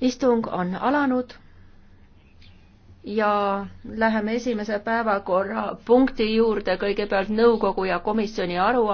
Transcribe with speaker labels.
Speaker 1: istung on alanud
Speaker 2: ja läheme esimese päevakorrapunkti juurde, kõigepealt nõukogu ja komisjoni aruanne.